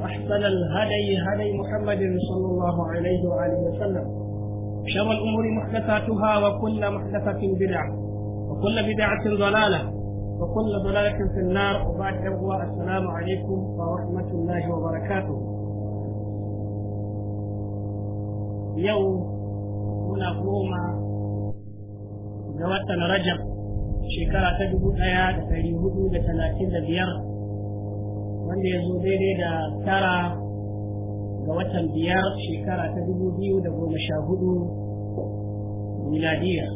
وأحسن الهدي هدي محمد صلى الله عليه وآله وسلم شر الأمور محدثاتها وكل محدثة بدعة وكل بدعة ضلالة وكل ضلالة في النار وبعد إخوة السلام عليكم ورحمة الله وبركاته يوم هنا قوما ga رجب شكرا shekara ta dubu ɗaya da wanda ya zo daidai da tara ga watan biyar shekara ta dubu biyu da goma sha hudu miladiya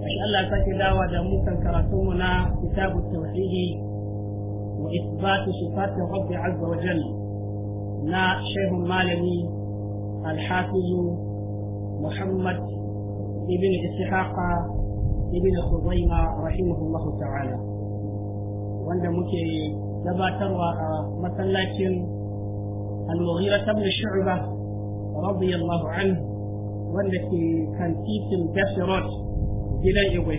Ashe Allah sake dawa da mu kan karatunmu na kitabu tauhidi wa isbatu sifatin rabbi azza wa jalla na shehun malami alhafizu muhammad ibn ishaqa ibn khuzaima rahimahullahu ta'ala wanda muke gabatarwa a masallacin al-mughira ibn shu'ba radiyallahu anhu wanda ke kan titin Gashirot gidan Igwe.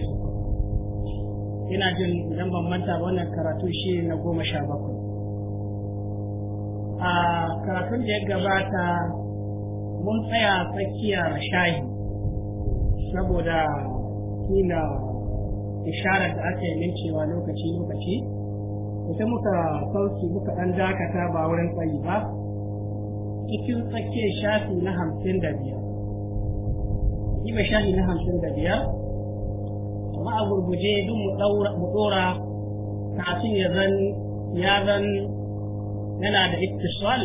Ina jin idan ban manta wannan karatu shi na goma sha bakwai. A karatun da ya gabata mun tsaya tsakiyar shayi saboda kila isharar da aka yi min cewa lokaci-lokaci ita muka sauki muka ɗan dakata ba wurin tsayi ba cikin tsakiyar shafi na hamsin da biyar ɗiba shafi na hamsin da biyar amma a gurguje duk mu ɗora kafin ya zan ya zan yana da iktisal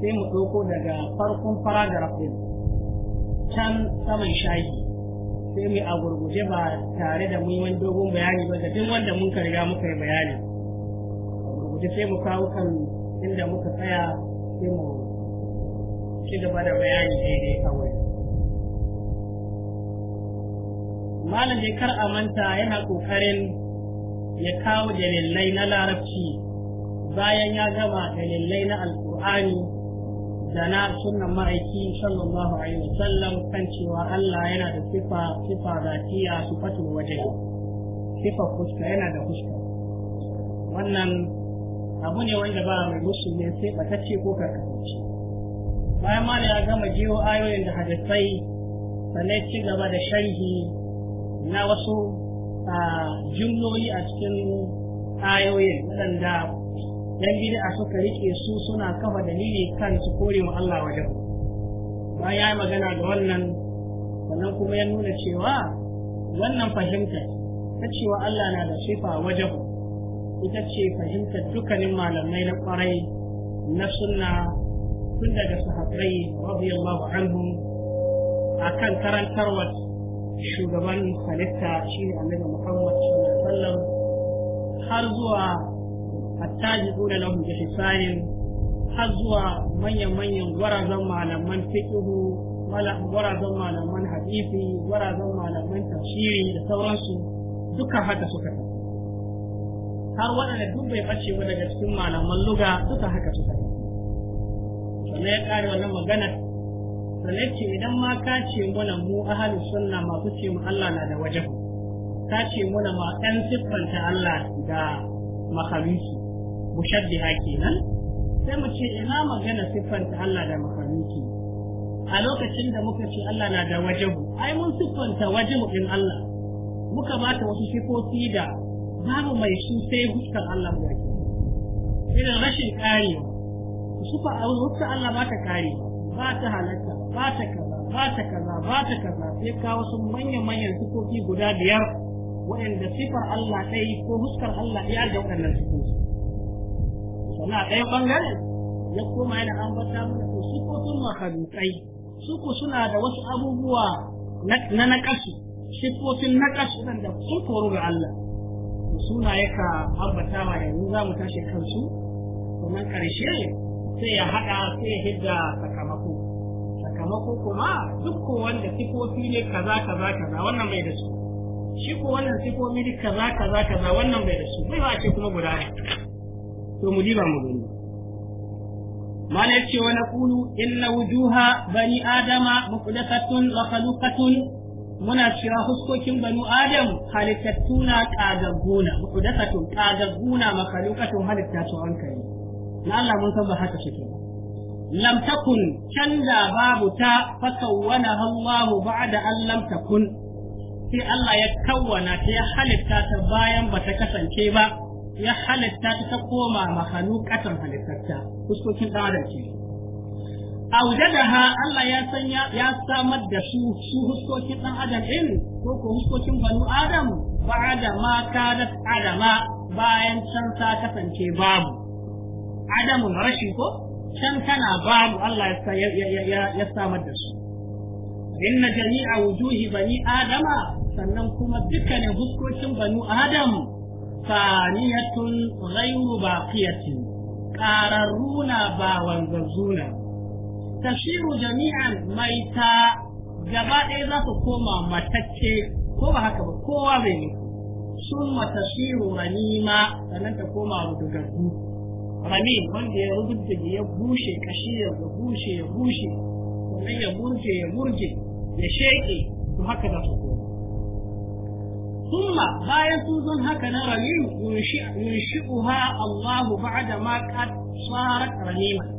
sai mu ɗauko daga farkon fara da rafin can saman shayi sai mu a gurguje ba tare da mun wani dogon bayani ba da duk wanda mun karya riga muka yi bayani da sai mu kawo kan inda muka tsaya sai mu ci gaba da bayani daidai kawai malam dai kar a manta yana ƙoƙarin ya kawo dalilai na larabci bayan ya gama dalilai na alkur'ani da na sunan ma'aiki sallallahu alaihi sallam, kan cewa Allah yana da sifa sifa su sifatul waje sifa fuska yana da fuska wannan abu ne wanda ba mai musu ne sai batacce ko karkatacce bayan ma ya gama jiyo ayoyin da hadisai sannan ci gaba da sharhi na wasu jumloli a cikin ayoyin waɗanda yan a suka rike su suna kafa dalili kan su kore wa Allah wajen bayan ya magana ga wannan sannan kuma ya nuna cewa wannan fahimta, ta cewa Allah na da sifa wajen ita ce fahimtar dukkanin malamai na kwarai na suna tun daga sahabbai radiyallahu anhu akan karantarwar shugaban halitta shine annabi Muhammad sallallahu alaihi wasallam har zuwa attajiquna lahum bi hisanin har zuwa manyan-manyan gwarazan malaman fiqhu gwarazan malaman hadisi gwarazan malaman tafsiri da sauransu duka haka suka tafi har waɗanda duk bai face ba daga cikin malaman luga suka haka suka yi sannan ya ƙare wannan magana sannan ce idan ma ka ce mana mu halin sunna masu ce mu Allah na da wajen ka ce mana ma ɗan siffanta Allah da makhaluki mushabbiha kenan sai mu ce ina magana siffanta Allah da makhaluki a lokacin da muka ce Allah na da wajen. ai mun siffanta wajen in Allah muka ta wasu sifofi da babu mai su sai huskar Allah mu yake irin rashin karewa sufa a huskar Allah ba ta kare ba ta halatta ba ta kaza ba ta kaza ba ta kaza sai ka wasu manyan manyan sifofi guda biyar waɗanda sifar Allah ta yi ko huskar Allah ya da waɗannan sifofi sannan ɗaya ɓangaren ya koma yana ambata mana to sifofin makadukai suku suna da wasu abubuwa na naƙasu sifofin naƙasu waɗanda sun koru ga Allah suna yaka ka ma yanzu za mu tashi kansu kuma karshe sai ya haɗa sai ya hidda sakamako sakamako kuma dukkan wanda sifofi ne kaza kaza kaza wannan bai da su shi ko wannan sifofi ne kaza kaza kaza wannan bai da su bai ba ce kuma guda to mu diba mu gani mana ce wa naqulu inna wujuha bani adama muqaddasatun wa khaluqatun muna cewa huskokin banu adam halittattuna kagagguna muqaddatun kagagguna makalukatun halitta to hankali na Allah mun san ba haka shi lam takun canza babu ta fakawwana Allah ba'da an lam takun sai Allah ya kawwana ta ya halitta ta bayan ba ta kasance ba ya halitta ta koma makalukatun halittatta huskokin dan adam ce aujadaha Allah ya Allah ya samar da su su huskokin dan adam din ko ko huskokin banu adam ba'da ma kanat Adam bayan can ta kasance babu adamun rashin ko can tana babu Allah ya samar da su inna jami'a wujuhi bani adama sannan kuma dukkanin huskokin banu adam faniyatun ghayru baqiyatin qararruna ba wanzazuna tashiru jami'an maita gaba ɗaya za su koma matacce ko ba haka ba kowa zai mutu sun matashiru ranima sannan ta koma rudugaggu ramin wanda ya rududdige ya bushe kashi ya bushe ya bushe sannan ya murje ya murje ya sheke to haka za su koma ثم bayan sun zan haka na ramin yunshi'uha Allahu ba'da ma qad sarat ranima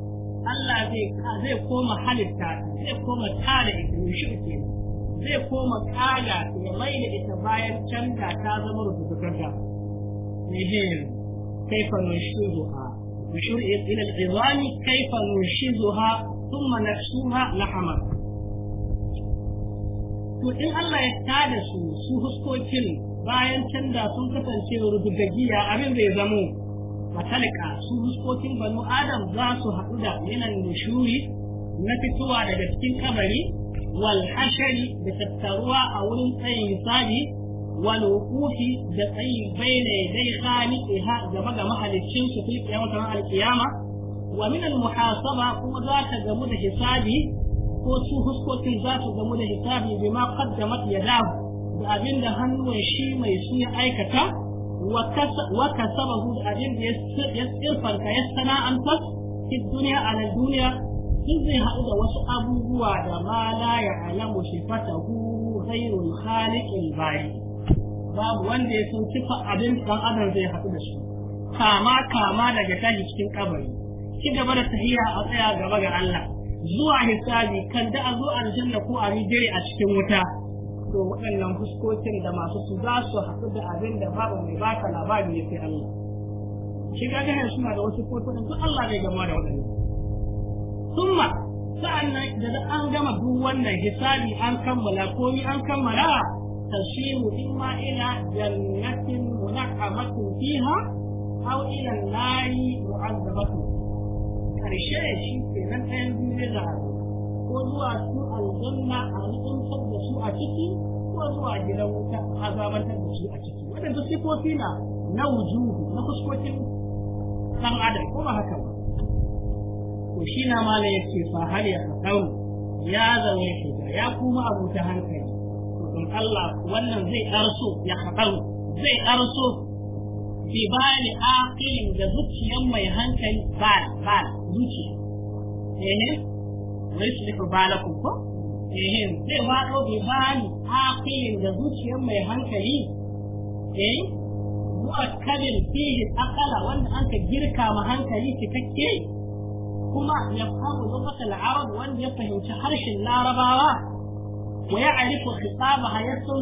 Allah zai koma halitta zai koma tara ita yushir ke zai koma kala ya mai da ita bayan canza ta zama rubutukanta ne hin kaifa nushizuha nushur ila al-izami kaifa nushizuha thumma nafsuha lahama to in Allah ya tada su su huskokin bayan canza sun kasance rubutu gajiya abin zai zamo matalika su huskokin banu adam za su haɗu da minan nushuri na fitowa daga cikin kabari wal hashari da tattaruwa a wurin tsayin hisabi wal wuqufi da tsayi baina yaday ha gaba ga mahaliccin su fil qiyamah al wa min al muhasaba kuma za ta gamu da hisabi ko su huskokin za su gamu da hisabi bima qaddamat yadahu da abinda hannuwan shi mai su ya aikata waka saba da abin ya tsirfanta ya sana'anta ki duniya a nan sun zai haɗu da wasu abubuwa da ma la ya alamu shi fata hu babu wanda ya san kifa abin dan adam zai haɗu da shi kama kama daga tashi cikin kabari ki gaba da tahiyya a tsaya gaba ga Allah zuwa hisabi Kande a azu aljanna ko a rijiri a cikin wuta to waɗannan fuskokin da masu su za su haɗu da abin da babu mai baka labari ya fi Allah shi ga ganin suna da wasu kotunan su Allah zai gama da waɗannan summa nan da an gama duk wannan hisabi an kammala komi an kammala tashiru imma ila jannatin munaqamatun fiha aw ila nari mu'azzabatun karshe shi kenan ɗayan biyu zai ko zuwa su aljanna a mutuntar ciki ko zuwa gidan wuta azabantar da shi a ciki waɗanda sifofi na na wujuhu na fuskokin ɗan adam ko ba haka ba to shi na mala ya ce fa hal ya tsau ya zaune shiga ya kuma ta hankali to don Allah wannan zai arso ya haɗau zai arso bi bani aqilin da zuciyan mai hankali ba ba zuciya ne ne wai shi ba lakum ko ehem zai faɗo bi bani aqilin da zuciyar mai hankali eh zuwa kabin fihi akala wanda an ka girka ma hankali cikakke kuma ya fahimu lughat al wanda ya fahimci harshen larabawa wa ya'rifu khitabaha ya san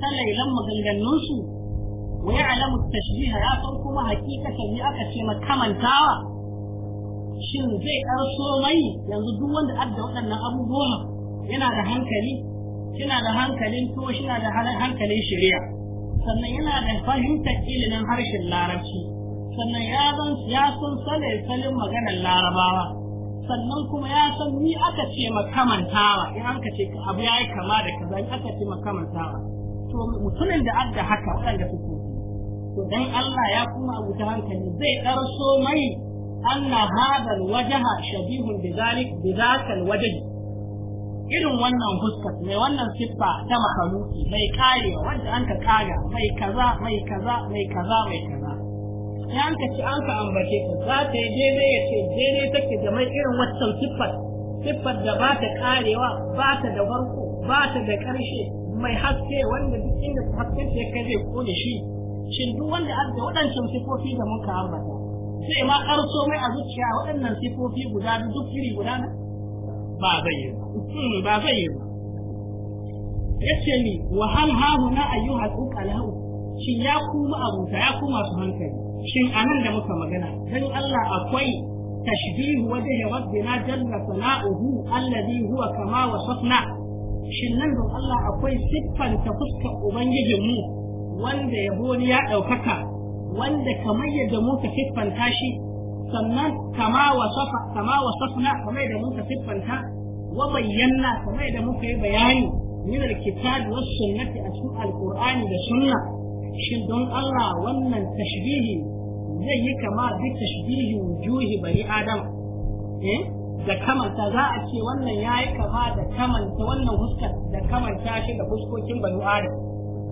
salai lan maganganun su wa ya'lamu tashbiha ya san kuma hakikatan ne aka ce makamantawa shin zai karso mai yanzu duk wanda adda waɗannan abubuwan yana da hankali yana da hankalin to yana da hankalin shari'a sannan yana da fahimtar ilimin harshen larabci sannan ya san ya san salin salin maganar larabawa sannan kuma ya san ni aka ce makamantawa in aka ce abu yayi kama da kaza in aka ce makamantawa to mutumin da adda haka waɗanda suke to dan Allah ya kuma abu ta hankali zai karso mai أن هذا الوجه شبيه بذلك بذاك الوجه irin wannan fuskar mai wannan siffa ta makaluki mai kare wanda an ka kara mai kaza mai kaza mai kaza mai kaza in ka ci an ka ambace ka za ta yi daidai ya ce daidai take da mai irin waccan siffar siffar da ba ta karewa ba ta da farko ba ta da karshe mai haske wanda duk inda hasken ya kai zai kone shi shin duk wanda an da waɗancan siffofi da muka ambata sai ma karso mai a zuciya waɗannan sifofi guda duk iri guda na ba zai yi ba hmm, zai yi ba ce ni wa hal hahuna ayyuha uqalahu shin ya kuma abuta ya kuma su hankali shin anan da muka magana dan Allah akwai tashbihu wajhi rabbina jalla sana'uhu alladhi huwa kama wasafna shin nan don Allah akwai siffanta fuskar ubangijinmu wanda yabo ya ɗaukaka wanda kamar yadda muka siffanta shi sannan kama wasafa kama wasafna kamar yadda muka siffanta wa bayyana kamar yadda muka yi bayani min alkitabi was sunnati a cikin alqur'ani da sunna shin don Allah wannan tashbihi zai yi kama bi tashbihi wujuhi bari adam eh da kamanta za a ce wannan ya yi kama da kamanta wannan huska da kamanta shi da fuskokin bani adam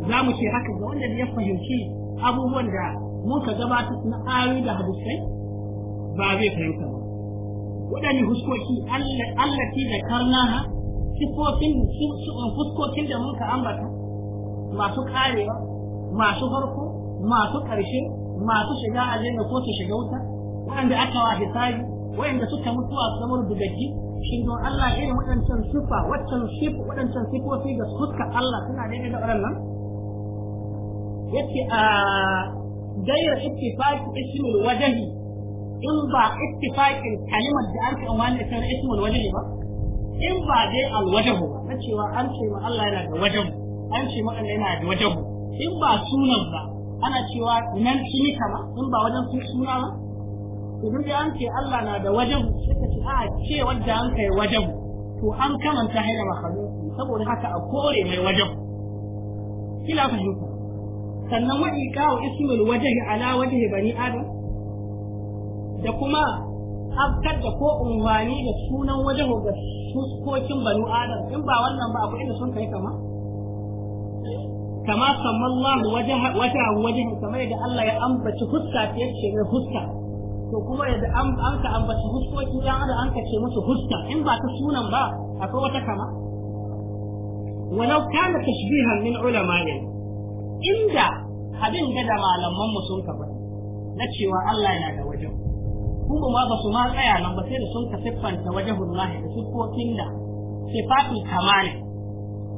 za mu ce haka ga wanda ya fahimci abubuwan da mun ka gabatar na ayoyi da hadisai ba zai fahimta ba waɗanne huskoki allati da karnaha sifofin huskokin da mun ka ambata masu karewa masu farko masu ƙarshe masu shiga aljanna ko su shiga wuta waɗanda aka wa hisabi waɗanda suka mutuwa saboda bugaji shin don Allah irin waɗancan sifa waccan sifa waɗancan sifofi ga fuskar Allah suna daidai da waɗannan yace a ah, gairar ittifaq ismul wajhi in ba ittifaqin kalimar da an kan wani ta ismul wajhi ba in ba dai al ba na cewa an ce ma Allah yana da wajhu an ce ma Allah yana da wajhu in ba sunan ana cewa nan shi kama in ba wajen suna ba idan dai an ce Allah na da wajen suka a ce wanda an kai wajen to an kamanta haina makhluki saboda haka a kore mai wajen sannan wa iqa'u ismul wajhi ala wajhi bani adam da kuma afkar da ko unwani da sunan wajahu ga fuskokin banu adam in ba wannan ba akwai inda sun kai kama kama sallallahu wajaha wajaha wajahi kamar yadda Allah ya ambaci huska ta yace mai huska to kuma yadda an ka ambaci huskoki dan adam an ka ce musu huska in ba ta sunan ba akwai wata kama ولو كان تشبيها من علمائه inda abin ga da malaman mu sun kafa na cewa Allah yana da wajen ku, kuma ma ba su ma tsaya nan ba sai da sun ka siffanta wajahullahi da siffofin da sifatul kamali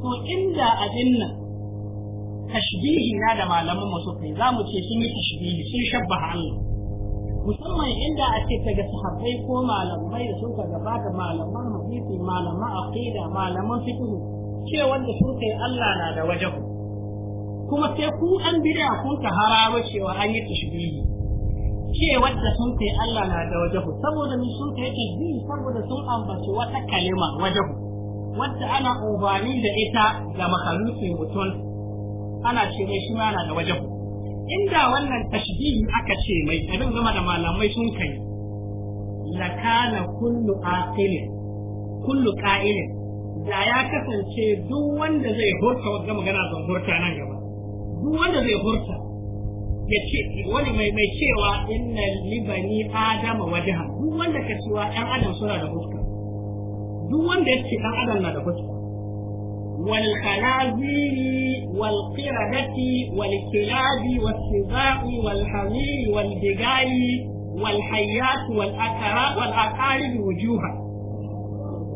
to inda abin nan tashbihi na da malaman mu suka yi zamu ce sun yi tashbihi sun shabbaha Allah musamman inda ake ta daga sahabbai ko malamai da sun suka gabata malaman hadisi malaman aqida malaman fiqh ce wanda sun yi Allah na da wajahu kuma sai ku an bid'a kun ka hararo cewa an yi tashbihi cewa da sun kai Allah na da wajahu saboda ni sun kai tashbihi saboda sun ambaci wata kalima wajahu wadda ana ubani da ita ga makalukin mutum ana ce mai shi ma na da wajahu inda wannan tashbihi aka ce mai abin zama da malamai sun kai lakana kullu aqilin kullu qa'ilin da ya kasance duk wanda zai horta wanda magana zan horta nan gaba duk wanda zai furta ya ce wani mai mai cewa inna libani adama wajaha duk wanda ka cewa ɗan adam suna da fuska duk wanda ya ce ɗan adam na da fuska wal khalaziri wal qiradati wal kilabi wal sibai wal hamiri wal digali wal hayyat wal akara wal aqarib wujuha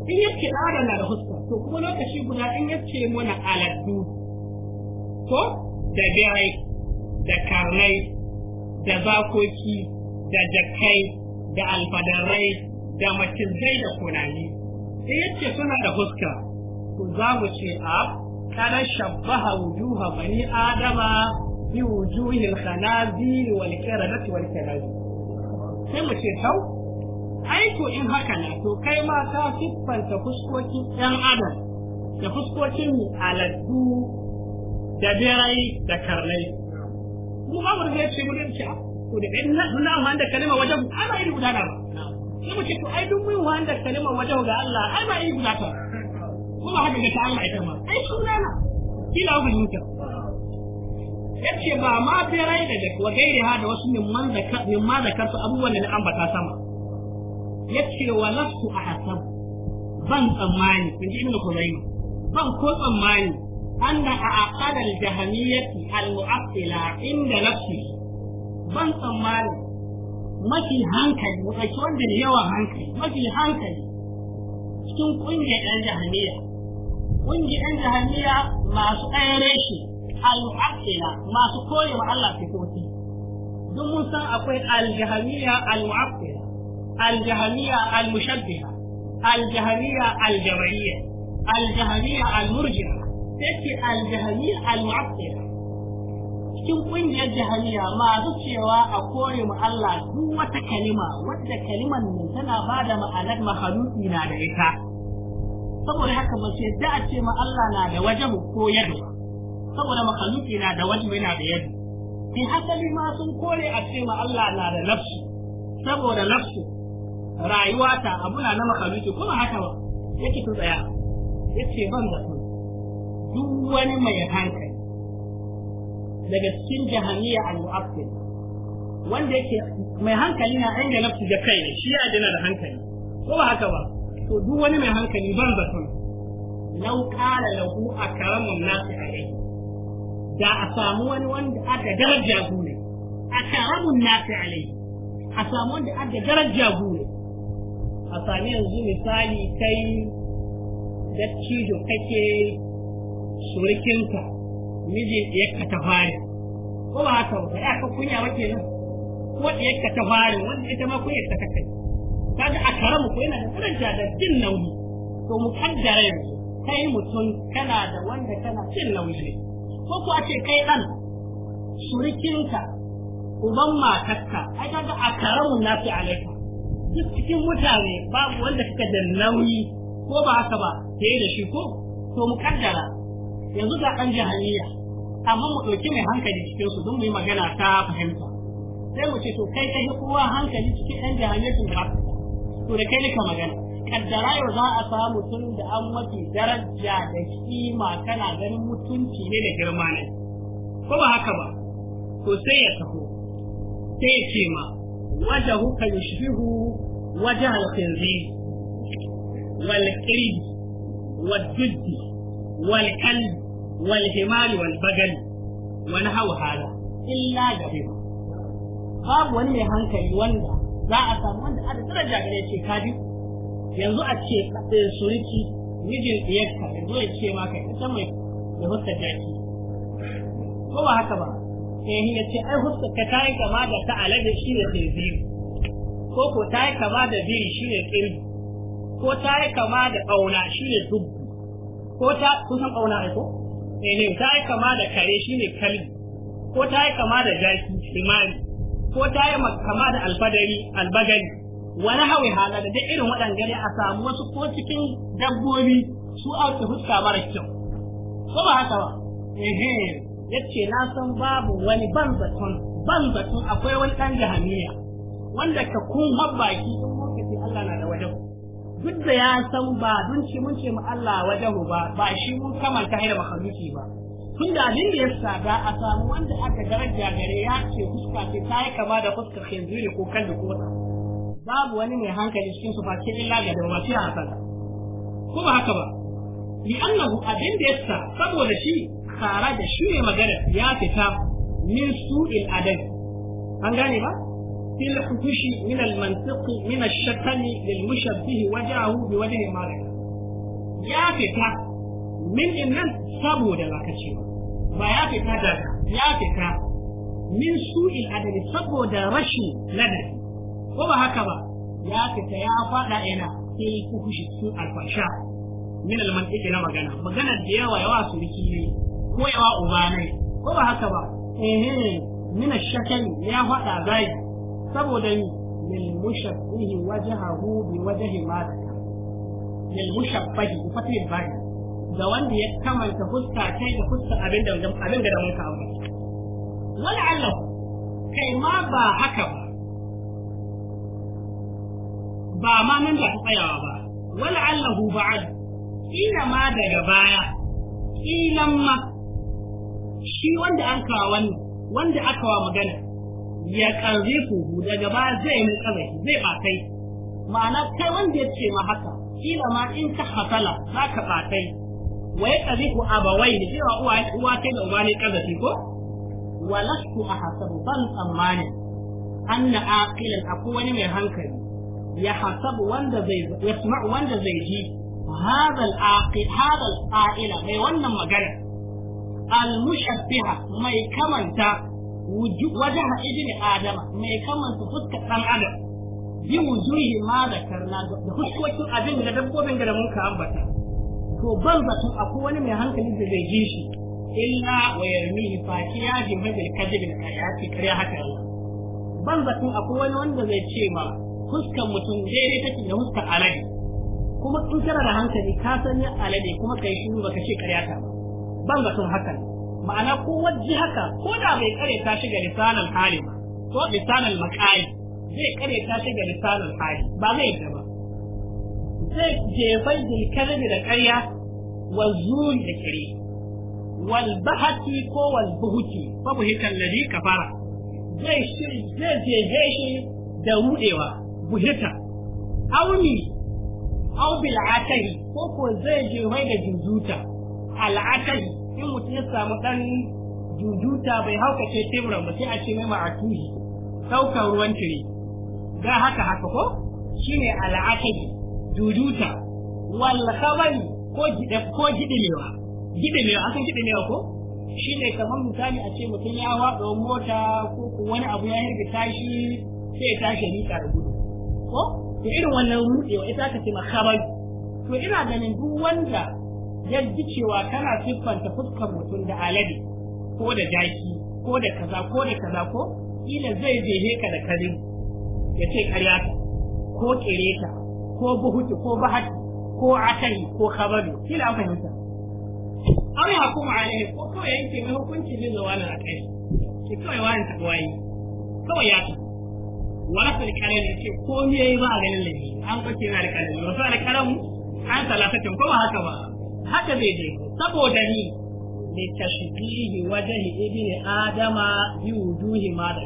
in yace ɗan adam na da fuska to kuma lokaci guda in yace mana aladdu ko da birai da karnai da zakoki da jakai da alfadarai da macizai da kunani sai yace suna da huska, to za mu ce a kana shabbaha wujuha bani adama bi wujuhil khanazir wal karadat wal kanazi sai mu ce tau aiko in haka na to kai ma ka siffanta fuskokin ɗan adam da fuskokin aladu da berai da karnai mu ba mu yace mu dinci a to da ina na amfani da kalma wajen ana iri guda da sai mu ce to ai duk mun wanda kalma wajen ga Allah ai ba iri guda ta kuma haka ga ta Allah ita ma ai suna na kila ku mutum yace ba ma berai da da wa gairi ha da wasu mun da ma da kansu abubuwan da na ambata sama yace wa lafsu ahasab ban tsammani kun ji ibnu kuzaima ban ko tsammani أن أعقد الجهمية المعطلة عند نفسه ban tsammani mafi hankali mafi wanda da yawan hankali mafi hankali cikin ƙungiyar ɗan jahaniya ƙungiyar masu ɗayan reshe al masu kore wa Allah sifofi duk akwai al-jahaniya al-mu'akkila al-jahaniya al sai ce aljahamiya cikin kungiyar jahamiya masu cewa a kore mu Allah duk wata kalima wadda kalimar nan tana ba da ma'anar mahaluki na da ita saboda haka ba sai da a ce ma Allah na da wajen ko yadu saboda mahaluki na da wajen, yana da yadu in hasali ma sun kore a ce ma Allah na da nafsi, saboda nafsi rayuwa ta abu na na mahaluki kuma haka ba yake to tsaya yake ban da su duk wani mai hankali daga cikin jahaniya al-mu'affil wanda yake mai hankali na inda nafsu da kai ne shi ya dana da hankali ko ba haka ba to duk wani mai hankali ban zaton lau kala lahu akramun nasi alayhi da a samu wani wanda aka daraja gure akramun nasi alayhi a samu wanda aka daraja gure a sami yanzu misali kai da cijo kake surkinsa miji ɗiyarka ta fari ko ba haka ba ya ka kunya wake nan ko ɗiyarka ta fari wanda ita ma kunya ta kakai kaga a karamu ko yana da tsananta da jin nauyi to mu kaddara yanzu kai mutum kana da wanda kana jin nauyi ne ko ko a ce kai ɗan surkinka uban matarka ai kaga a na fi alaika duk cikin mutane babu wanda kake da nauyi ko ba haka ba sai da shi ko to mu kaddara yanzu ga ɗan jahiliya amma mu ɗauki mai hankali cikin su don mu yi magana ta fahimta sai mu ce to kai ka yi kowa hankali cikin ɗan jahiliya sun da to da kai nika magana kaddara yau za a samu tun da an mafi daraja da kima kana ganin mutunci ne da girma ne ko ba haka ba to sai ya taho sai ya ce ma wajahu ka yushbihu wajhal khinzir wal qirib wad والكلب والهمال والبغل ونحو هذا إلا جبهة babu wani mai hankali wanda za a samu wanda a daraja gare ce ka bi yanzu a ce eh, suriki mijin ɗiyarka yanzu ce maka ita da huska jaki ko haka ba eh ya ce ai ka ta yi kama da ta alade shi ne ko ko ta yi kama da biri shi ne ko ta yi kama da ƙauna shi ne dubu ko ta kun san ƙauna ai ko eh ne ta yi kama da kare shine kalbi ko ta yi kama da jaki himari ko ta yi kama da albadari albagari wani hawi hala da duk irin waɗangare a samu wasu ko cikin dabbobi su a ta fuska mara kyau ko ba haka ba eh yace na san babu wani ban zaton ban zaton akwai wani ɗan jahamiya wanda ka kun mabaki in Allah na da duk da ya san ba don ce mun ce mu Allah wajahu ba ba shi mun ta da makhluki ba tun da abin da ya sada a samu wanda aka daraja gare ya ce fuska ce ta yi kama da fuskar khinziri ko kan da kota babu wani mai hankali cikin su ke illa ga dawa ce hasala ko ba haka ba annahu abin da ya sa saboda shi kara da shi ne magana ya fita min su'il adab an gane ba في الحدوش من المنطق من الشتم للمشبه وجهه بوجه مالك يا فتا من إنن سابو دلا كشيوا ما يا فتا دلا يا فتا من سوء الأدب سابو درشي لدن وما هكذا يا فتا يا فتا إنا في الحدوش سوء الفحشاء من المنطق لما جنا مجنا ديوا يوا سوريكي ko yawa uba ne ko ba haka ba eh min shakani ya faɗa zai saboda ni lil mushabbihi wajhahu bi wajhi ma lil mushabbihi bi fatil bari ga wanda ya kamanta fuska kai da fuska abin da abin da mun kawo wala Allah kai ma ba haka ba ba ma nan da tsayawa ba wala Allah ba'ad kila ma daga baya kilan ma shi wanda an kawo wanda aka wa magana ya karzifuhu daga ba zai mu kazafi zai batai ma'ana kai wanda ya ce ma haka kila ma in ka hasala za ka batai wa ya karzifu abawai da cewa uwa uwa kai da uba ne kazafi ko walastu ahasabu ban tsammani anna aqilan akwai wani mai hankali ya hasabu wanda zai yasma wanda zai ji هذا العاقل هذا القائل هي wannan magana al-mushabbiha mai kamanta wajen ibn adama mai kamanta fuska dan adam bi wujuhi ma da zakarna da fuskokin abin da dabbobin da mun ka ambata to ban zaton akwai wani mai hankali da zai ji shi illa wa yarmihi fa ya ji mabil kadibin ayati kare haka ban zaton akwai wani wanda zai ce ma fuskan mutum daidai take da fuskar alade kuma in kana da hankali ka san ya alade kuma kai shiru ka ce kariya ta ba ban zaton haka ne ma'ana ko wajji haka ko da bai kare ta shi ga lisanan hali ba ko lisanan makali zai kare ta shi ga lisanan hali ba zai ta ba zai jefai bil kalbi da karya wal zuri da kare wal bahati ko wal buhuti fa buhikan ladhi kafara zai shi zai je shi da rudewa buhita auni au bil atari ko ko zai jefai da juzuta al atari in mutum ya samu ɗan jujuta bai haukace teburan ba sai a ce mai ma'atuhi saukar ruwan tire ga haka haka ko shine al'akadi jujuta wal khabari ko gida ko gidilewa gidilewa akan gidilewa ko shi ne kamar misali a ce mutum ya wado mota ko wani abu ya hirga tashi sai ya tashi ni da gudu ko to irin wannan rudewa ita aka ce makhabari to ina ganin duk wanda yadda cewa kana siffanta fuskar mutum da alade ko da jaki ko da kaza ko da kaza ko ila zai je ka da kare ya ce karya ta ko kereta ko buhutu ko bahati ko atari ko khabaru kila an fahimta aw hukuma kuma alai ko kawai yanke mai hukunci ne da wani akai ki kawai wani ta kawai ya ta wala fil kalal ce ko me yayi ba a ganin lalle an kace na da kalal wasu alkaramu an salatatin ko haka ba haka bai dai, saboda ni da tashbihi wajen ibn adama bi wujuhi ma da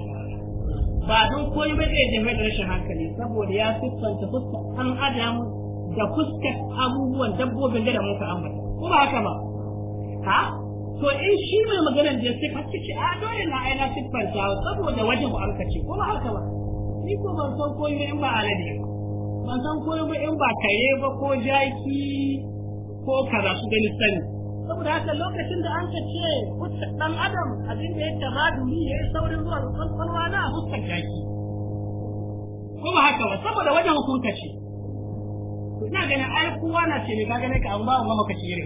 ba don koyi ba zai jami'a da rashin hankali saboda ya siffanta fuskar an adam da fuskar abubuwan dabbobin da muka ambata ko ba haka ba ha to in shi mai maganar da sai ka ce a dole na aina siffanta saboda wajen ku an kace ko ba haka ba ni ko ban san koyi in ba alade ban san koyi ba in ba kare ba ko jaki ko kaza su gani sani saboda haka lokacin da an ka ce dan adam abin da ya kama duni ya yi saurin zuwa da kwalwa na huskan jaki ko ba haka ba saboda wajen hukunta ce ina ganin ai kowa na ce ne ka gane ka an ba mu maka shire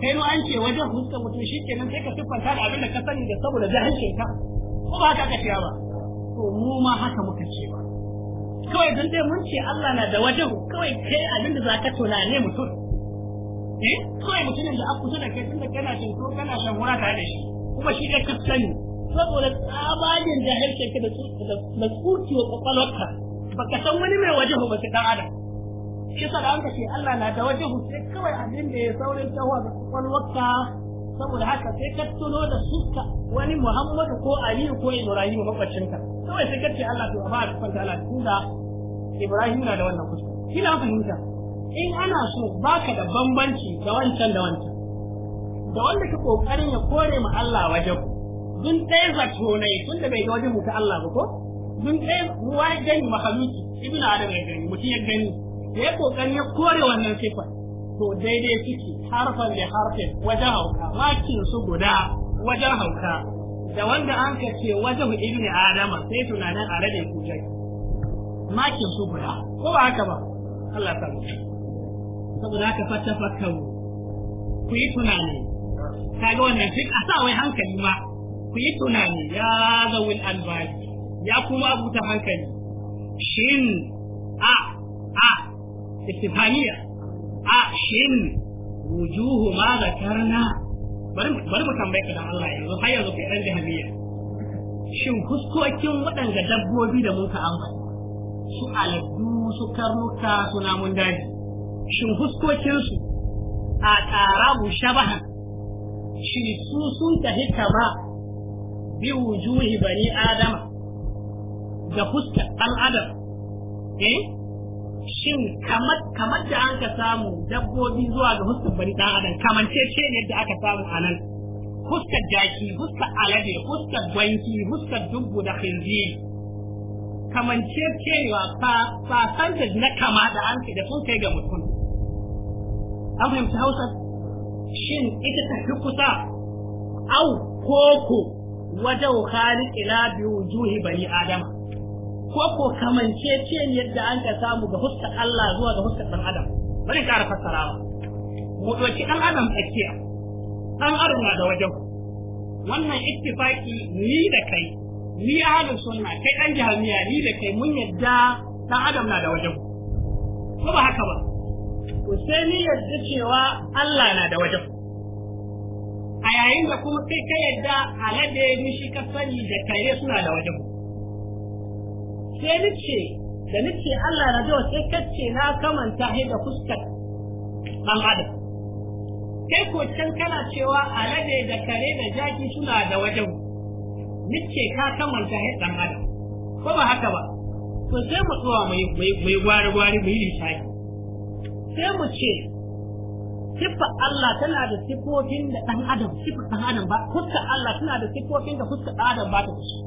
kai no an ce wajen huskan mutum shi kenan sai ka siffanta da abin da ka sani da saboda jahilcin ka Kuma haka ka ce ba to mu ma haka muka ce ba kawai don dai mun ce Allah na da wajen kawai kai abin da za ka tunane mutum eh kawai mutumin da aka kusa da kai tunda kana shin ko kana shan wura tare da shi kuma shi da ka sani saboda da jahilcin ka da da wa kwakwalwarka baka san wani mai wajihu ba sai dan adam shi sa da an ce Allah na da wajihu sai kawai abin da ya saurin tawa da kwakwalwarka saboda haka sai ka tuno da suka wani Muhammadu ko Aliyu ko Ibrahim makwabcinka kawai sai ka ce Allah to ba a cikin Allah tunda Ibrahim na da wannan kuskure kina fahimta in ana so baka da bambanci da wancan da wancan da wanda ka kokarin ya kore mu Allah wajen dun ɗaya zato ne tun da bai ga wajen ta Allah ba ko dun ɗaya ruwa ya gani mahaluki ibn adam ya gani mutum ya gani da ya kokarin ya kore wannan sifar to daidai suke harfan da harfin wajen hauka makin su guda wajen hauka da wanda an ka ce wajen ibn adama sai tunanin a rade kujai makin su guda ko ba haka ba Allah ta saboda haka fata mu ku yi tunani ga wannan shi a sa wai hankali ma ku yi tunani ya zawil albabi ya kuma abuta hankali shin a a istifaniya a shin wujuhu ma zakarna bari mu tambaye ka da Allah yanzu har yanzu kai ɗan jahiliya shin fuskokin waɗanda dabbobi da muka ambata su aladu su karnuka su namun daji shin huskokinsu a ƙara shabaha shi su sun tafi kama bi wujuhi bani adama da huska ɗan adam eh shin kamar kamar da an ka samu dabbobi zuwa ga fuskar bani ɗan adam ce ne da aka samu a nan fuskar jaki fuskar alade fuskar gwanki fuskar dubbu da khinziri kamancewa fa fa na kama da an da sun kai ga mutum an fahimci hausa shin ita ta fi kusa au koko wajen khalid ila bi juhi bani adama koko kamance ce yadda an ka samu ga huskar Allah zuwa ga huskar dan adam bari ƙara fassarawa mu ɗauki ɗan adam tsakiya ɗan adam na da wajen wannan ittifaki ni da kai ni ahalin sunna kai ɗan jami'a ni da kai mun yadda ɗan adam na da wajen ko ba haka ba to sai ni yadda cewa Allah na da wajen a yayin da kuma kai ka yadda alade yi shi ka sani da kare suna da wajen sai ni ce da ni ce Allah na da sai ka ce na kamanta shi da fuskar ɗan adam kai ko can kana cewa alade da kare da jaki suna da wajen ni ce ka kamanta shi ɗan adam ko ba haka ba to sai mu tsawa mai gwari gwari mu yi lissafi sai mu ce siffar Allah tana da siffofin da ɗan adam siffar ɗan adam ba fuskar Allah tana da siffofin da fuskar ɗan adam ba ta da su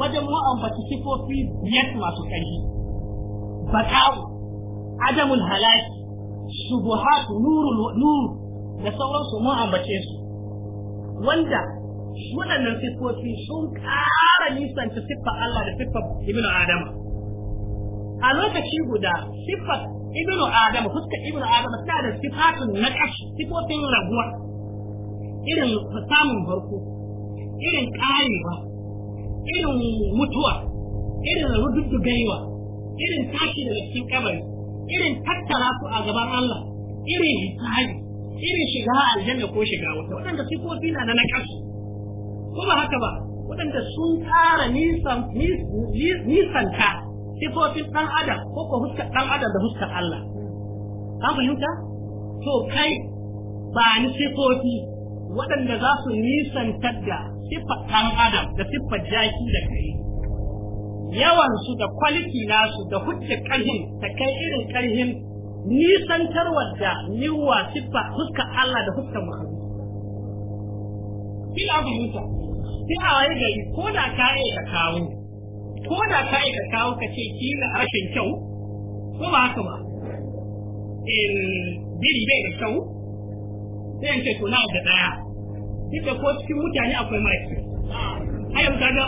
wajen ma'ambaci siffofi biyar masu ƙarfi baka'u adamul halaki shubuhat nurul nur da sauransu ma'ambace su wanda waɗannan siffofi sun ƙara nisanta siffar Allah da siffar ibnu adam a lokaci guda siffar ibnu adam fuska ibnu adam tana da sifatun naqash sifofin rabuwa irin samun barko irin karewa irin mutuwa irin rududdugaiwa irin tashi daga cikin kabari irin tattara su a gaban Allah irin hisabi irin shiga aljanna ko shiga wata waɗanda sifofi na na ƙashi. Kuma haka ba waɗanda sun ƙara nisan nisanta sifofin ɗan adam ko ko huskar ɗan adam da huskar Allah an fahimta to kai ba ni sifofi waɗanda za su nisantar da siffar ɗan adam da siffar jaki da kai yawan su da kwaliti nasu da hujja karhin ta kai irin karhin nisantar da niwa sifa, huskar Allah da huskar mahaifin kila fahimta sai a waye gari ko da ka ka kawo ko da ka yi kawo ka ce kila rashin kyau ko ba haka ba in biri bai da kyau sai yanke to na da daya duk da ko cikin mutane akwai mara kyau a yau kaga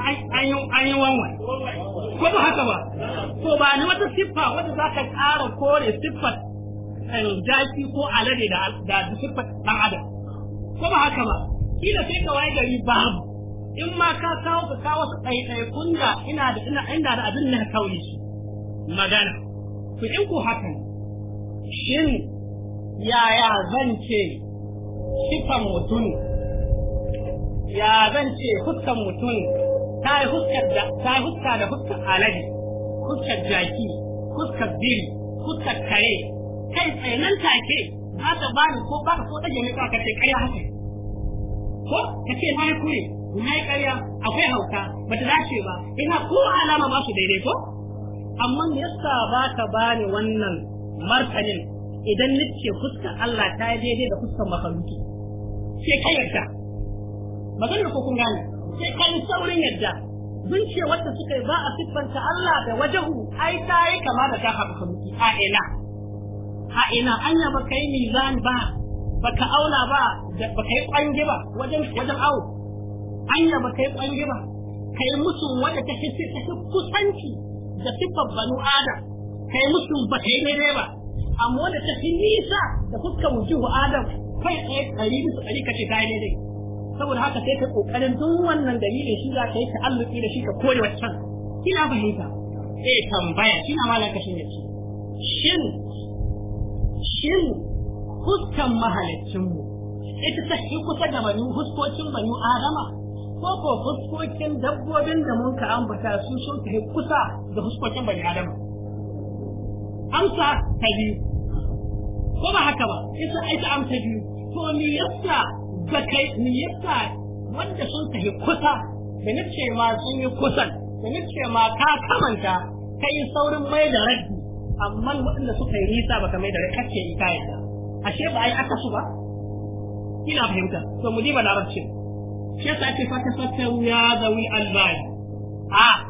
an yi wanwan ko ba haka ba to ba ni wata siffa wata za ka kara kore siffar jaki eh, ko alade da siffar dan adam ko ba haka ba kila sai ka waye gari babu in ma ka kawo ka kawo su ɗaiɗaikun kunda ina da ina inda da abin na kawo su magana to in ku hakan shin yaya zan ce sifan mutum ya zan ce fuskan mutum ta yi fuskar da ta yi fuska da fuskar alade fuskar jaki fuskar biri fuskar kare kai tsaye nan take ba ta bani ko ba ko ɗage ne ka ce kai haka ko ka ce na yi kure na yi ƙarya akwai hauka ba ta dace ba ina ko alama ba su daidai ko amma me yasa ba ka bani wannan martanin idan nace fuskar Allah ta yi daidai da fuskar makaruki sai ka yarda maganar ko kun gane sai ka yi saurin yarda dun ce wacce suka yi ba a siffanta Allah da wajahu ai ta yi kama da ta makaruki a ina a ina anya ba yi mizan ba baka auna ba baka yi kwange ba wajen wajen awo anya ba kai kwange ba kai musu wanda ta hisse ta kusanci da sifar banu adam kai musu ba kai ne ba amma wanda ta fi nisa da fuskar wujuhu adam kai tsaye ɗari bisa ɗari kace dai. dai saboda haka sai ka kokarin duk wannan dalilin shi za ka yi ta'alluki da shi ka kore wancan kina fahimta eh tambaya kina malaka shi ne shin shin fuskan mahaliccin mu ita ta shi kusa da banu huskocin banu adama ko ko fuskokin dabbobin da mun ka ambata su sun kai kusa da fuskokin bani adam amsa ta biyu ko ba haka ba ita ita amsa biyu to ni yasa da kai ni yasa wanda sun kai kusa da ni cewa sun yi kusan da ni cewa ka kamanta kai saurin mai da raddi amma waɗanda suka yi nisa baka mai da raddi kake yi kayan ashe ba ai aka su ba ina fahimta to mu diba larabcin shi yasa ake fata fattaru ya zawi albani a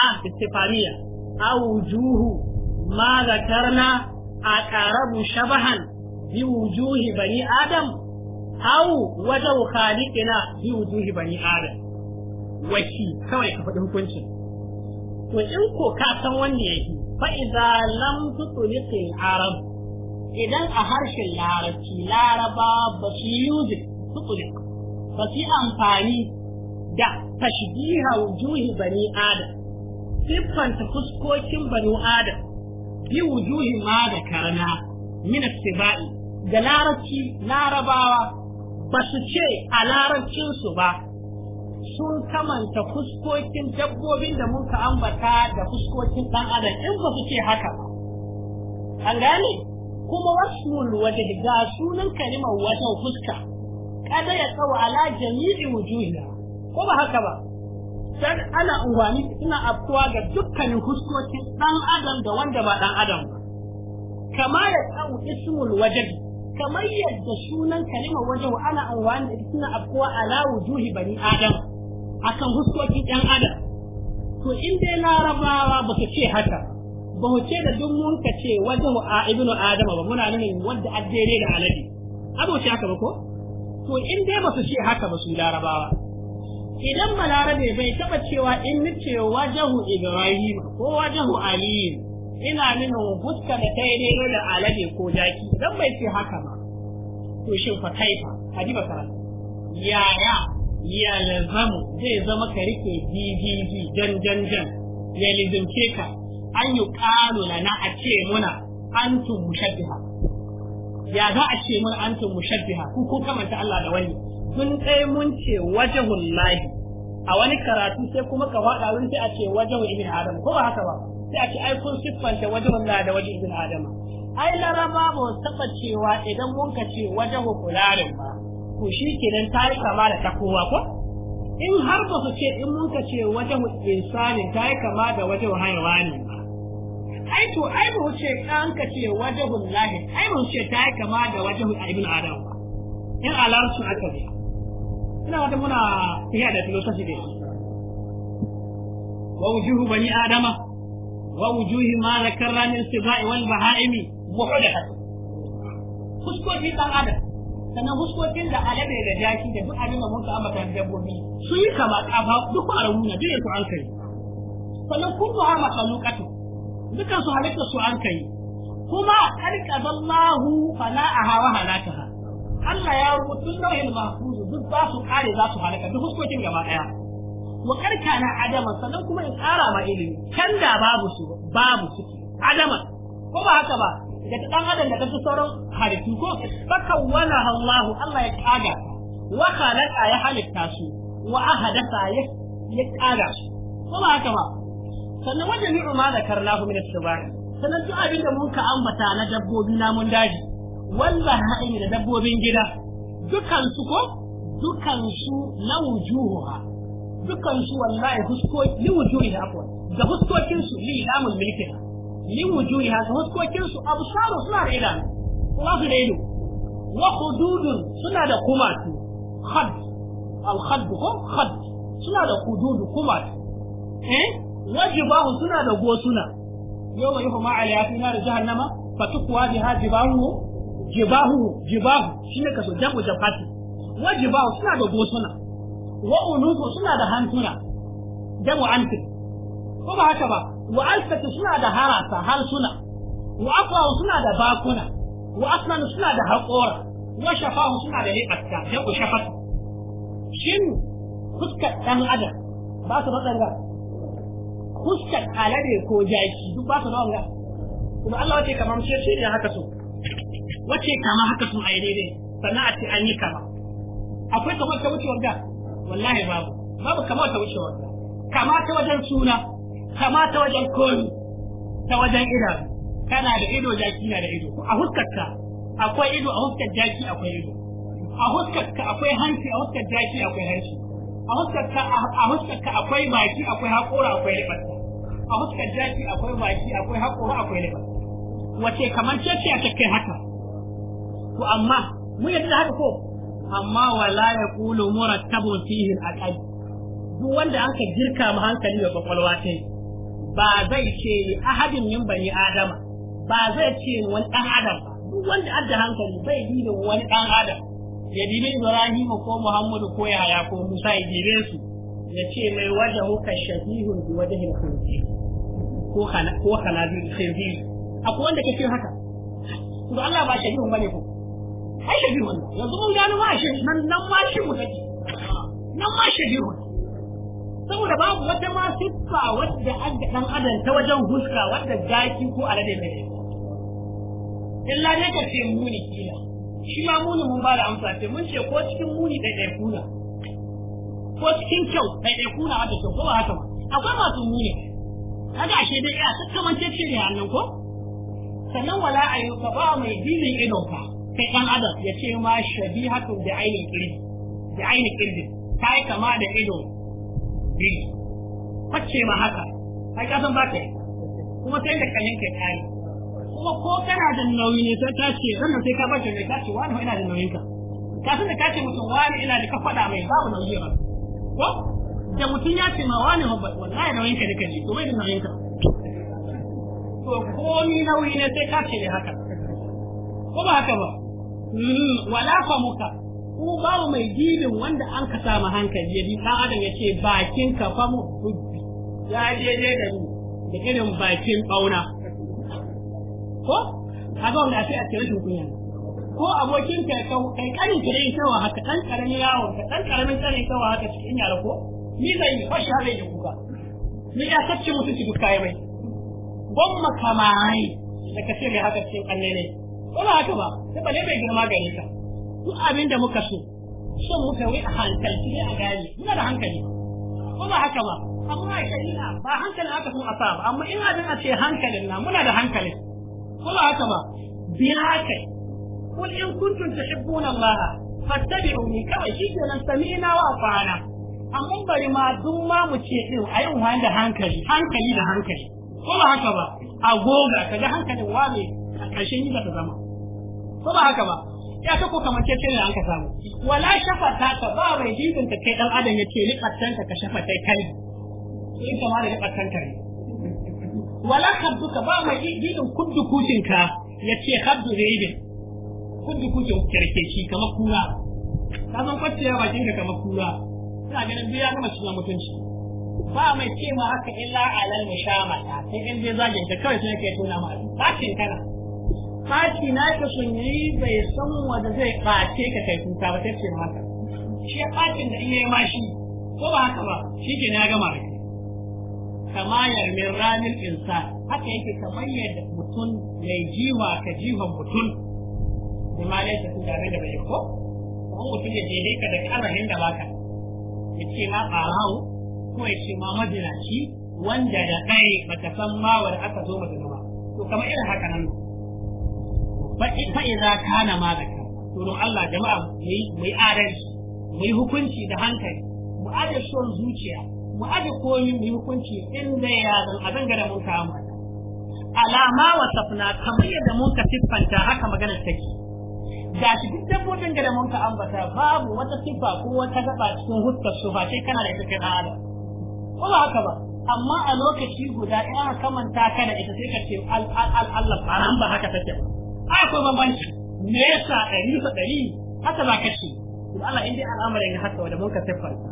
a istifamiya a wujuhu ma zakarna a ƙarabu shabahan bi wujuhi bani adam au wajen khaliqina bi wujuhi bani adam waki kawai ka faɗi hukuncin to in ko ka san wanda yake fa idza lam tutliqi arab idan a harshen larabci laraba ba su yuzi tutliq basu amfani da tashbiha wujuhi bani adam siffanta fuskokin bani adam bi wujuhi ma da karna min istibai ga larabci larabawa ba su ce a larabcin su ba sun kamanta fuskokin dabbobin da muka ambata da fuskokin dan adam in ba su ce haka ba an gane kuma wasu wata ga sunan kalimar wata fuska kada ya kawo ala jami'i wujuhiha ko ba haka ba dan ana unwani suna afkuwa ga dukkanin huskokin dan adam da wanda ba dan adam ba kama ya kawo ismul wajhi kamar yadda sunan kalimar wajen ana unwani suna afkuwa ala wujuhi bani adam akan huskokin dan adam to in dai larabawa ba su ce haka ba mu ce da duk mun ka ce wajen a ibnu adama ba muna nuna wanda addere da alade abu ce haka ba ko to in dai ba su ce haka ba su larabawa idan balarabe bai taba cewa in nace wajahu ibrahim ko wajahu aliyu ina nuna fuska da kai ne da alade ko jaki dan bai ce haka ba to shin fa fa hadi ba yaya ya lazam zai zama ka rike ddd jan jan jan ya lizimce ka an yi ƙalula na a ce muna an tumushabiha ya za a ce mun antum mushabbiha ku kun kamanta Allah da wani sun dai mun ce wajahun lahi a wani karatu sai kuma ka faɗa wurin sai a ce wajahun ibn adam ko ba haka ba sai a ce ai kun siffanta wajahun Allah da wajen ibn adam ai laraba ba taɓa cewa idan mun ka ce wajen fulanin ba to shi kenan ta yi kama da ta kowa ko in har ba su ce in mun ka ce wajen insanin ta yi kama da wajen haiwani ba ai to ai ba ce an ka ce wajhul lahi ai ba ce ta kama da wajhul ibn adam in alarsu aka bi ina wata muna iya da filosofi ne wa wujuhu bani adama wa wujuhi ma zakarra min sibai wal bahaimi muhdathat fuskoki dan adam sannan fuskokin da alabe da jaki da duk abin da muka ambata da dabbobi su yi kama kafa duk fara nuna duk yanzu an kai sannan kullu ha makalukatu dukan su halitta su an kai kuma karkadallahu fana'aha wa halakaha Allah ya rubuta nauyin mahfuzu duk ba su kare za su halaka duk huskokin gaba daya wa na adama sannan kuma in ƙara ma ilimi kan da babu su babu suke adama ko ba haka ba da ta dan adam da ta sauran halittu ko baka wala Allahu Allah ya kaga wa khalaqa ya halitta su wa ahdatha ya kaga su ko ba haka ba sannan wajen ni ma da karnahu min shibar sannan duk abin da mun ka ambata na dabbobi namun daji wanda ha'ini da dabbobin gida dukan su ko dukan su na wujuha dukan su wallahi husko ni wujuhi da akwai da huskokin su li ilamul milkin li wujuhi ha huskokin su absaru suna da idanu kuma su da ido wa hududun suna da kumatu khad al khad ko khad suna da hududu kumatu eh wajibahu suna da gosuna yau mai yuhu ma'aliya fi nar jahannama fatukwa ha jibahu jibahu jibahu shine kaso jabu jabati wajibahu suna da gosuna wa unufu suna da hantuna jabu antik ko ba haka ba wa alfatu suna da harasa harsuna wa afwahu suna da bakuna wa asnanu suna da haƙora wa shafahu suna da riƙatta jabu shafatu shin fuskar ɗan adam ba su matsar fuskar alade ko jaki duk ba su nawa ga? kuma Allah wace kamar ce ce ne haka so wace kama haka so a yi dai sannan a ce an yi kama akwai kamar ta wuce wanda wallahi babu babu kamar ta wuce wanda kama ta wajen suna kama ta wajen komi ta wajen idanu kana da ido jaki na da ido a ka akwai ido a fuskar jaki akwai ido a ka akwai hanci a fuskar jaki akwai hanci a huskarka akwai baki akwai haƙora akwai ribarta a fuskar jaki akwai baki akwai haƙora akwai liba wace kamar ce ce a kai haka to amma mun yadda da haka ko amma wala ya kulu murattabun fihi al duk wanda aka girka mu hankali da kwakwalwa ta ba zai ce ahadin min bani adama ba zai ce wani dan adam duk wanda adda hankali bai yi da wani dan adam ya dibi Ibrahim ko Muhammadu ko Yahaya ko Musa ya dibe su ya ce mai wajahu ka shahihun bi wajhil khuruj ko ko halabi khinziri akwai wanda ke cikin haka to Allah ba yin bane ko ai shahihun yanzu mun gano ma shi nan nan ma shi mu take nan ma shahihun saboda babu wata ma siffa wadda an ga dan adam ta wajen huska wadda zaki ko alade mai illa ne ka ce muni kila shi ma muni mun ba da amsa ce mun ce ko cikin muni dai kuna ko cikin kyau dai kuna wadda kyau ko ba haka ba akwai masu muni ga ashe dai ya man ce ne hannun ko sannan wala ka ba mai dinin idon ka kai dan adam ya ce ma shabihatun da ainin kirji da ainin kirji kai kama da ido biri wacce ma haka kai san ba kai kuma sai da kanin kai kai kuma ko kana da nauyi ne sai ka ce sannan sai ka bace mai ka ce wani ina da nauyin ka ka san da ka ce mutum wani ina da ka faɗa mai babu nauyi ba ko da mutum ya ce ma wani wallahi da wanka nika ji to bai da nauyin ka to komi nauyi ne sai ka ce haka ko ba haka ba hmm, wala famuka ko babu mai dibin wanda an ka samu hankali ya bi dan adam ya ce bakin ka famu hujji ya daidai da mu da irin bakin bauna ko kaga wanda sai a ce rashin kunya ko abokin ka kai kanin ka yin kawa haka dan karamin yawon ka dan karamin kare kawa haka cikin yara ko ni zai yi fashi har yi kuka ni ya sacce mutunci duk kayan mai ban makamai da ka ce mai haka cikin kanne ne ko ba haka ba sai ba ne bai girma gare ka duk abin da muka so son muka wai a hankalci ne a gane muna da hankali ko ba haka ba amma a shari'a ba hankalin aka sun asa ba amma in abin a ce hankalin na muna da hankalin ko ba haka ba biya kai قل إن كنتم تحبون الله فاتبعوني كما شئت سمعنا وأطعنا amma bari ma duk ma mu ce din a yau wani da hankali hankali da hankali ko ba haka ba a ka da hankalin wane a ƙarshen yi ta zama ko ba haka ba ya ta ko kamar cece ne an ka samu wala ta ka ba mai jikin ka kai dan adam ce ni fattan ka shafa kai kai in ma da fattan ka ne wala khabdu ka ba mai jikin kuddu kucin ka ce khabdu zaidin kuddu kucin kirkeci kamar kura ka san ya bakin ka kamar kura ina ganin biya gama cikin mutunci ba mai ce ma haka illa alal mushamata sai in dai zagin Da kawai sai kai tona ma bacin kana baci na ka sun yi bai san wanda zai bace ka kai kuka ba sai ce ma haka shi bacin da in ma shi. ko ba haka ba shi ke na gama da kai kama yarmin ranar insa haka yake kamar yadda mutum mai jiwa ka jiwa mutum da ma laifin da bai da bai ko kuma mutum ya daidai da karahin da baka yace ma barawo ko ce ma shi, wanda da kai ta san ma da aka zo maka gaba to kamar irin haka nan fa idza kana ma ka? to don Allah jama'a mai mai adalci mai hukunci da hankali mu aje son zuciya mu aje koyi mu hukunci da ya zan a zangara mun kama alama wa safna kamar yadda mun ka siffanta haka maganar take ga shi duk dabbobin da mun ka ambata babu wata sifa ko wata gaba cikin huskar su ba sai kana da ita kai ala ko ba haka ba amma a lokaci guda in aka kamanta ka da ita sai ka ce Allah faran ba haka take ba akwai bambanci me yasa ɗari bisa ɗari haka ba ka ce to Allah in dai al'amarin ya haka wanda mun ka siffarta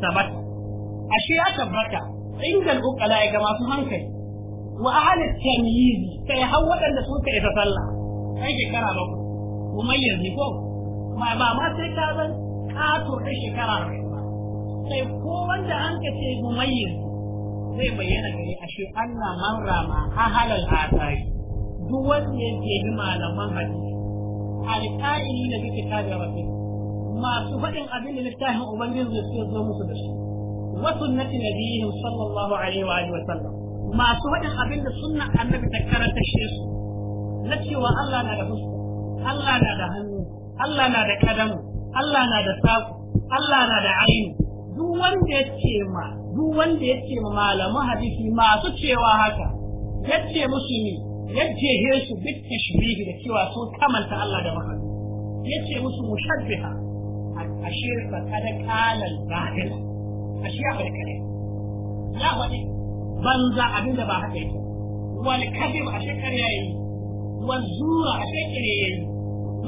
tabbata ashe ya tabbata ingal ukala ya ga masu hankali wa ahli tamyiz kai har waɗanda suka isa sallah kai shekara bakwai umayya ne ko ba ma sai ka zan kato da shekara sai ko wanda an ka ce umayya zai bayyana gare ashe Allah man rama a halal asari duk wanda ya ke malaman hadisi alƙa'ili da kike kaga rabbi masu faɗin abin da littafin ubangiji zai zo musu da shi wa sunnati nabiyihim sallallahu alaihi wa alihi wa sallam masu faɗin abin da sunna annabi ta karanta shi su na cewa Allah na da fuska Allah na da hannu Allah na da kadamu Allah na da saku Allah na da ainu duk wanda ya ce ma duk wanda ya ce ma malamu hadisi masu cewa haka ya ce musu ne ya jehe su duk tashbihi da cewa sun kamanta Allah da mahal ya ce musu mushabbiha ashe fa kada kalal bahil ashe ya faɗi kare ya faɗi banza da ba haka yake kadim a ashe ya yi. والزور أشكري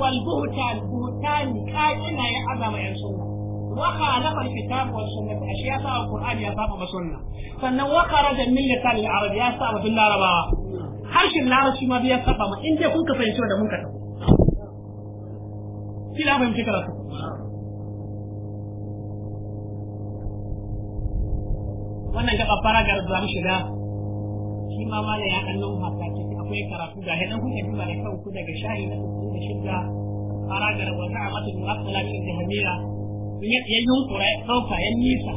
والبهتان بهتان كائنا يا أعظم يا سنة وخالف الكتاب والسنة أشياء صار القرآن يا صاحب السنة فأنه وخرج من لسان العرب يا صاحب في العرب حرش العرب شما بيا صاحب ما أنت كنت فينشوا ده ممكن كلا فهمت كلامك wannan gaba fara garba shi da shi ma mala ya kallon haka akwai karatu ga hinan kuka duba da ku daga shayi na kuku da shidda haragar wata a matan lafi da hamira ya yunkura ya ɗauka ya nisa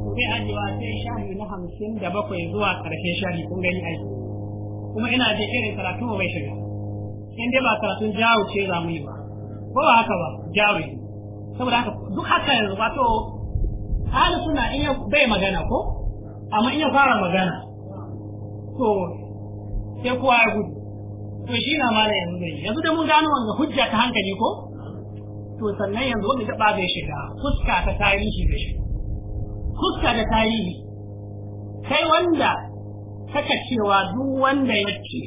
to bai ajewa sai shayi na hamsin da bakwai zuwa ƙarshen shayi kun gani aiki kuma ina je irin karatu mai bai shiga in dai ba karatun jawo ce za mu yi ba ko ba haka ba jawo saboda haka duk haka yanzu ba to hali suna iya bai magana ko amma iya fara magana to sai kowa ya gudu to shi na mala yanzu zai yanzu da mun gano wanda hujja ta hankali ko to sannan yanzu wanda gaba bai shiga fuska ta tarihi zai shiga fuska da tarihi kai wanda kaka cewa duk wanda ya ce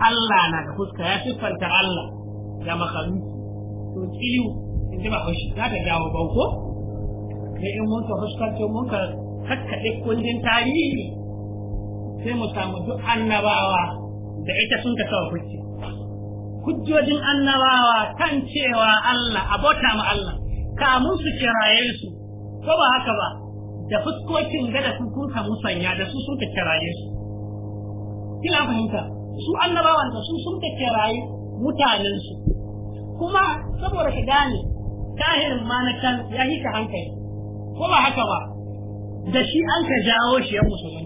Allah na da fuska ya siffanta Allah da makaluki to tsiyu in ji ba haushi za ta jawo bauko sai in mun ka fuskantar mun ka kakkaɗe kundin tarihi sai mu samu duk annabawa da ita sun ka sawa hujji hujjojin annabawa kan cewa Allah abota ma Allah kamun su kiraye su ko ba haka ba da fuskokin gada sun kun kamu sanya da su sun ka kiraye su kina fahimta su annabawan da su sun ka kiraye mutanen su kuma saboda ka gane kahirin ma na can ya hika hankali ko ba haka ba da shi an ka jawo shi yan musulmi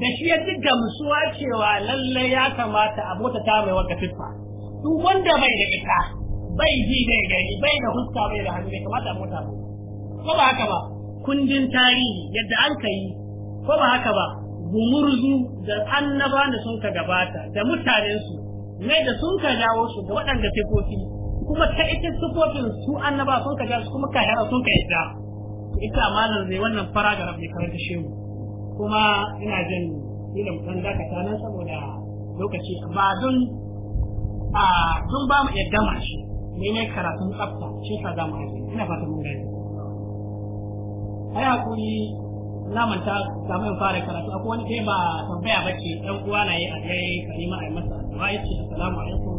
da shi ya ji gamsuwa cewa lallai ya kamata a mota ta mai wata siffa duk wanda bai da ita bai ji bai gani bai da huska bai da hannu ya kamata a mota ba ko ba haka ba kundin tarihi yadda an ka yi ko ba haka ba gumurzu da annaba da sun ka gabata da mutanensu ne da sun ka jawo su da waɗanda sifofi kuma ta ita sifofin su annaba sun ka jawo su kuma kahira sun ka yadda ita amanar zai wannan fara ga rabbi karanta shehu kuma ina jin ilim kan dakata nan saboda lokaci ba don a don ba mu yadda ma shi ne ne karatun tsafta shi ka za mu ina fata mun gani ai hakuri na manta samu in fara karatu akwai wani kai ba tambaya ba ce ɗan uwa na yi a kai kalima a yi masa addu'a ya ce assalamu alaikum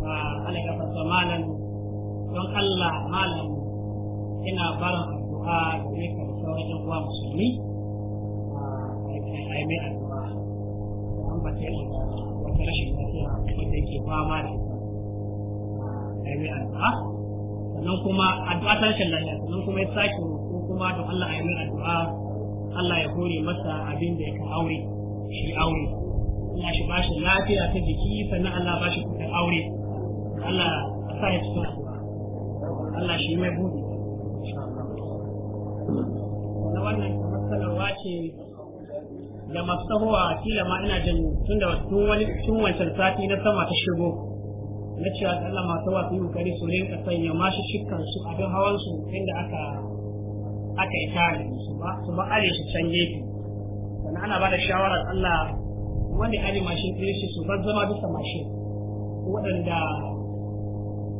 wa alaika fasamalan don Allah malam ina fara addu'a ga ne kan sauran ƴan uwa musulmi ai sannan kuma addu'a ta rashin lafiya sannan kuma ya sake ko kuma don Allah mai addu'a Allah ya hore masa abin da ya aure shi aure Allah shi ba shi lafiya ta jiki sannan Allah ba shi kuɗin aure Allah sa ya Allah shi mai buɗe na wannan ce da masahuwa kila ma ina jin tun da tun wani tun wancan sati na sama ta shigo na cewa Allah masu wa su yi kokari su rinka sanya mashi shikkan su bin hawan su inda aka aka yi tare su ba su ba are su can gefe sannan ana ba da shawarar Allah wanda ali mashin ɗin shi su bar zama bisa mashin waɗanda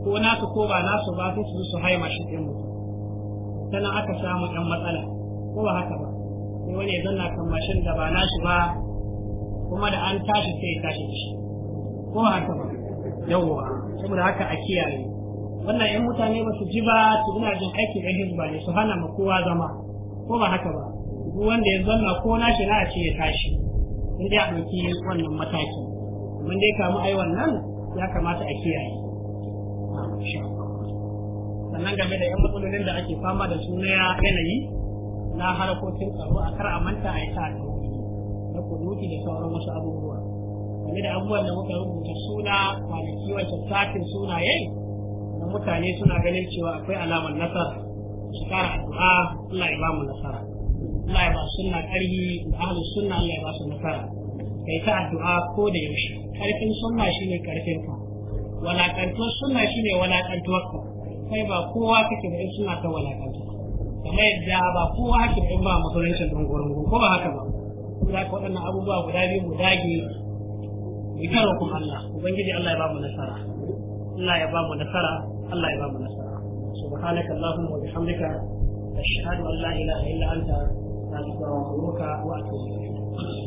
ko nasu ko ba nasu ba su su hai mashin ɗin mutum sannan aka samu ɗan matsala ko ba haka ba sai wani ya zanna kan mashin da ba nashi ba kuma da an tashi sai ya tashi shi ko haka ba yawwa saboda haka a kiyaye wannan yan mutane ba su ji ba su ina jin aikin ɗan hizba ne su hana ma kowa zama ko ba haka ba duk wanda ya zanna ko nashi na a ce ya tashi in dai a ɗauki wannan mataki mun dai kamu ai wannan ya kamata a kiyaye sannan game da yan matsalolin da ake fama da su na yanayi na harkokin tsaro a kar a manta a yi ta na kuduti da sauran wasu abubuwa game da abubuwan da muka rubuta suna kwanaki wancan satin sunaye na mutane suna ganin cewa akwai alamar nasara su kara addu'a Allah ya ba mu nasara Allah ya ba sunna karhi da ahli sunna Allah ya ba su nasara kai ta addu'a ko da yaushe karfin sunna shine karfin ka walakantuwar sunna shine walakantuwar ka kai ba kowa kake da suna ta walakanta kamar yadda ba kowa hake in ba makarancin don gurin ko ba haka ba za ka waɗannan abubuwa guda biyu mu dage mu karo kuma Allah ubangiji Allah ya ba mu nasara Allah ya ba mu nasara Allah ya ba mu nasara subhanaka allahumma wa bihamdika ashhadu an la ilaha illa anta astaghfiruka wa atubu ilayk